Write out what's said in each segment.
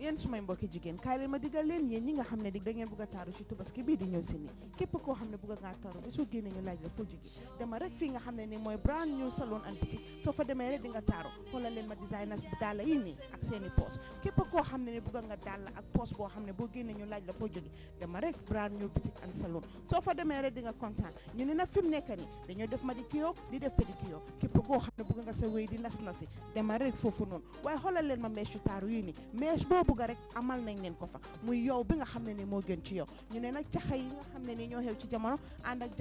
yéen sumay mbokki jigéen kaay leen ma digal leen yéen ñi nga xam ne dig da ngeen a taaru si tubaski bii di ñëw si nii képp koo xam ne bugg ngaa taaru bi soo génnee ñu laaj la foo jóge dama rek fii nga xam ne nii mooy brand new salon and boutique soo fa demee rek di nga taaru xoolal leen ma designers bi daala yi nii ak seen i poos képp koo xam ne ne boo génnee di nga kontaan ñu ne nag fi mu nekk def manicure di def képp koo xam ne bugg nga sa wéy di nas nasi dama rek foofu noonu waaye xoolal leen ma meesu taaru yi nii mees boobu bugg a amal nañ leen ko fa muy yow bi nga xam ne ni moo gën ci yow ñu ne a caxa nga xam ne ni ñoo xew ci jamono ànd ak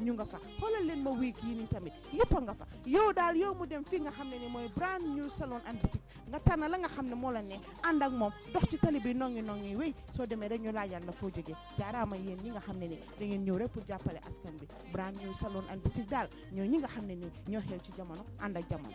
ñu nga fa xoolal leen ma wiig yi ni tamit yëpp a nga fa yow daal yow mu dem fii nga xam ne mooy brand new salon and boutique nga tànn la nga xam ne moo la ne ànd ak moom dox ci tali bi nongi nongi wéy soo demee rek ñu laajal la foo jógee jaaraama yéen ñi nga xam ne ni da ngeen ñëw rek pour jàppale askan bi brand new salon and boutique daal ñoo ñi nga xam ne ni ñoo xew ci jamono ànd ak jamono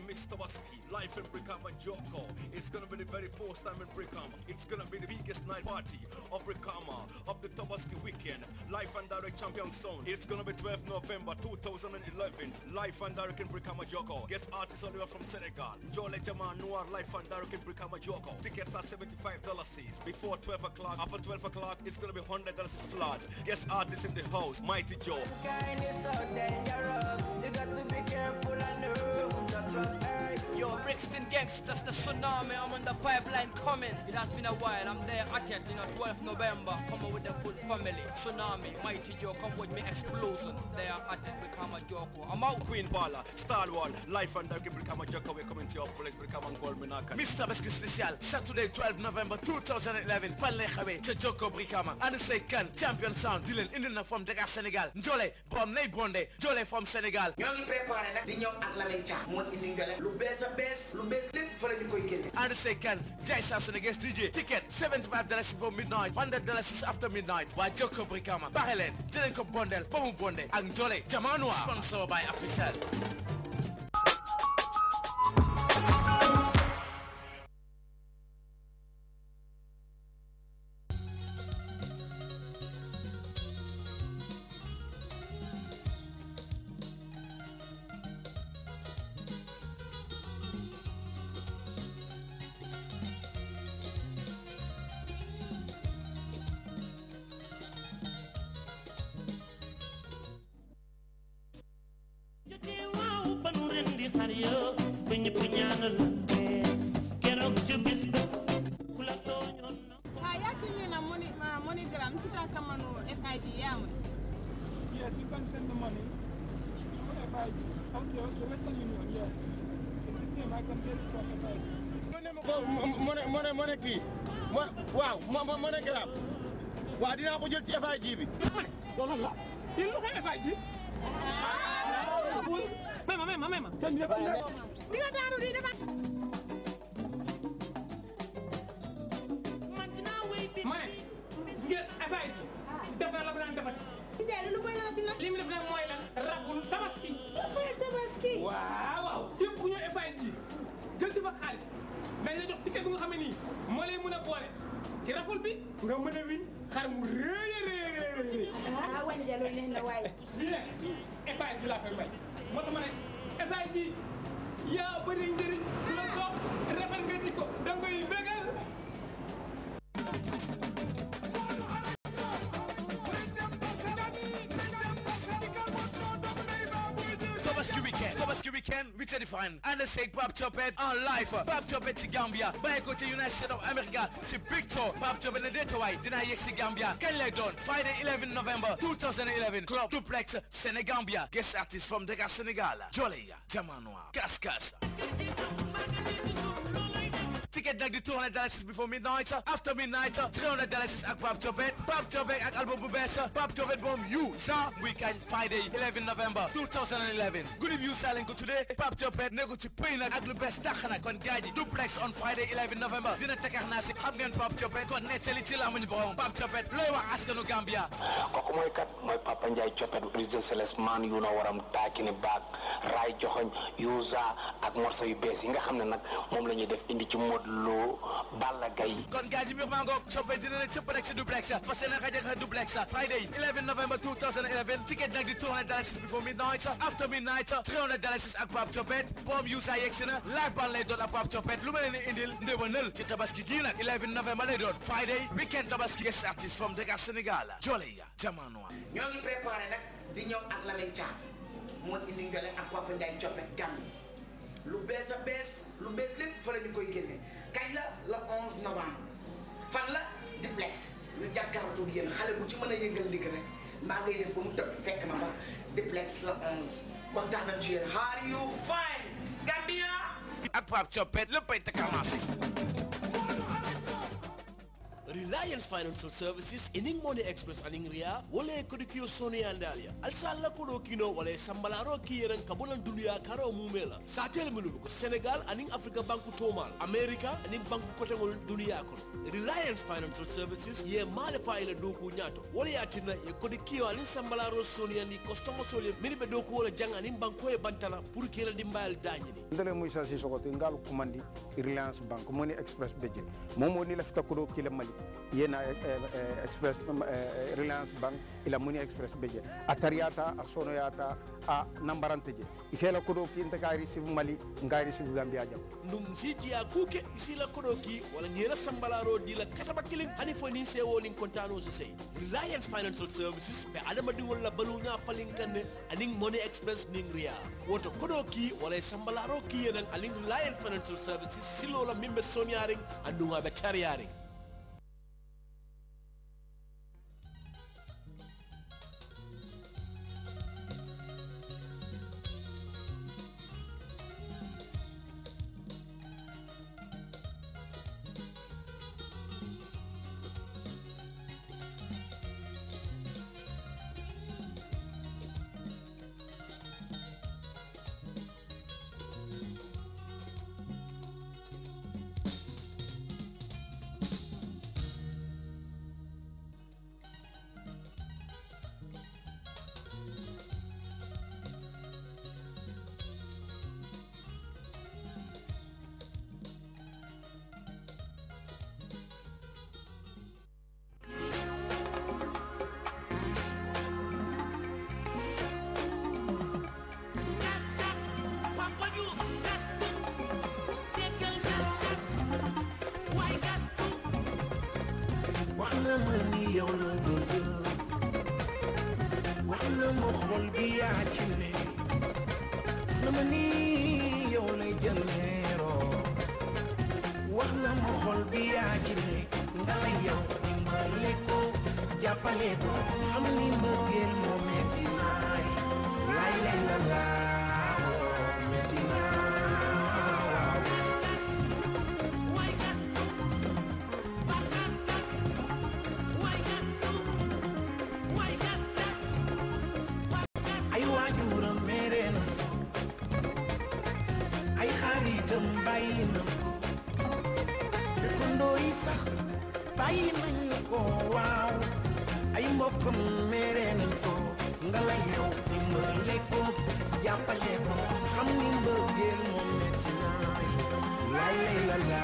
Mr. Musky, life in Brickham and Joko. It's gonna be the very first time in Brickham. It's gonna be the biggest night party of Brickhammer, of the Tobaski weekend. Life and Direct Champion Sound. It's gonna be 12th November 2011. Life and Direct in Brickham and Joko. Guest artist Oliver the way from Senegal. Jole Jama Noir, Life and Direct in Brickham and Joko. Tickets are $75 before 12 o'clock. After 12 o'clock, it's gonna be $100 flat. Guest artists in the house, Mighty Joe. you got to be careful, know trust. Yo, Brixton gangsters, the tsunami, I'm on the pipeline coming. It has been a while, I'm there at it, you know, 12th November, coming with the full family. Tsunami, Mighty Joe, come with me, explosion. They are at it, become a joker. I'm out. Queen Bala, Wall, Life and Dirty, become a joker. we're coming to your place, become a call me Mr. Besky Special, Saturday, 12th November 2011, Palekhawe, Joko Brikama, Anise Khan, Champion Sound, Dylan, Indina from Dakar, Senegal, Njole, Bromley Bonde, Jole from Senegal. Young people, the young Atlantic, more in England, Lubesa. 22nd, Jai Sasson Bondel, Bondel, and Jolly, Jamanwa. by Official. Yes, you can send the money to FID. Okay, also Western Union, yeah. It's the same, I can get it from FID. Money, money, money, kii. waaw mo money grab. waaw dinaa ko jël ci FID bi. loolu la yéen lu ko FID. ah. mais ma mais ma mais ma. di nga daanu di dafa man dinaa wéy bi ma ne gis nga affaire yi dafa la daan defati gisee lu koy la dina li mu def nag mooy lan rabul tabaski rabul tabaski waaw waaw yëpp ku ñëw affaire yi jël fa xaalis dañ la jox ticket bu nga xam nii moo lay mën a boole ci raful bi nga mën a win xar mu rëy a rëy a rëy ah laa koy may moo tax ne épargne bi yaa bëri njëriñ ku la topp rafet nga jikko da ngay bégal Tabaski weekend Tabaski week-end Witty Fine ànd seeg Pape Thiopet en live Pape Thiopet Gambia bàyyi ko ci United States of America ci Big Tour Pape Thiopet ne déetawaay si Gambia kañ lay doon Friday November Club Duplex Sénégambia guest artist from Dakar Sénégal Joleya Jamanoa Kaskas Ticket like the 200 dollars before midnight. After midnight, 300 dollars Pop Your Bob Jobet. Bob Jobet at Album Bubessa. your bed. Boom. you, sir. Weekend Friday, 11 November 2011. Good if you selling good today. Bob Jobet nego ci pay nak best. lu bes tax guide kon gaaji duplex on Friday 11 November. Dina tax na ci xam ngeen Bob Jobet kon nettali Pop your borom. Bob Jobet ask wax askanu Gambia. Kooku mooy kat mooy Papa Ndiaye Jobet président Celeste man yu na waram taakini baak raay I'm ak morso yu bees yi nga xam ne nag moom la ñuy def indi ci mod Modou Lo Balla Gaye kon gars yi biir maa ngoog coppe dina ne cëpp rek si duplex fas yéene xajaxa duplex Friday 11 November 2011 di 200 dalasis ñoo ngi préparé nag di ñëw ak Lamine Thiam moo indi Ndiolène ak Papa Ndiaye Coppet Gambie lu bees a bees lu bees lépp fa la koy génne kañ la le 11 novembre fan la diplex ñu jàkkaarloo ak yéen xale bu ci mën a yëngal ndig rek maa ngay def ba mu tëb fekk ma fa diplex la 11 kontaan nañ ci yéen how are you fine Gambia. ak Pape Thiopet léppay te commencé. reliance financial services ining money express aning ria wala kodikiyo soni andalia alsalla kodo kino wala sambalaro yeren kabolan dunia karo mumela satel mulu ko senegal aning africa banku tomal america aning banku kotengol dunia kono reliance financial services ye male faila ku nyato wala yatina ye kodikiyo aning sambalaro soni ani mini be do doku wala jang aning ko e bantala pour la dimbal danyini ndele muisa si sokoti ngal kumandi reliance bank money express beje momo ni lafta ki kila mali yena eh, eh, eh, express reliance bank ila muni express beje a tariyata a sonoyata a nambarante je ikela hela kodo ki nta ka risive mali nga risive gambia jam ndum ya kuke isila kodo ki wala nyela sambalaro dila kataba kilim hani ni nin sewo nin kontano je sey reliance financial services be adama di wala falin falinkanne aning money express ning ria woto kodo ki wala sambalaro ki yenan aning reliance financial services silola mimbe somyaring andunga be tariyaring sama xol bi yaa ci na ma ni yow lay jëneeroo wax na ma xol bi yaa ci ne nga la yow dimbale ko jàppale ko xam ni mbëggeel moo metti naay xaritam bàyyi na ko dëkkandoo yi sax bàyyi nañu ko waaw ay mbokkam mere nañ ko nga la yow dimbale ko jàppale ko xam ni mbëggeel moom metti naay laay lay la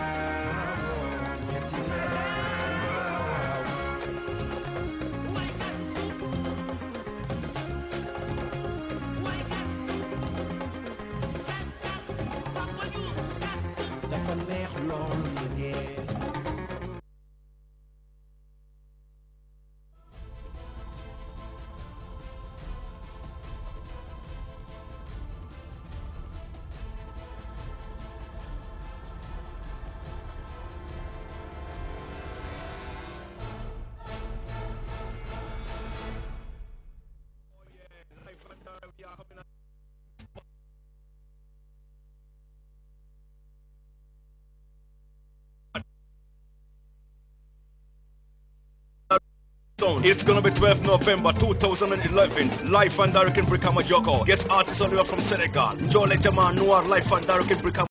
It's gonna be 12 November 2011. Life and Darek in Brikama Joko. Guest artist Oliver from Senegal. Jole Jama Noir, Life and Darek in Brikama.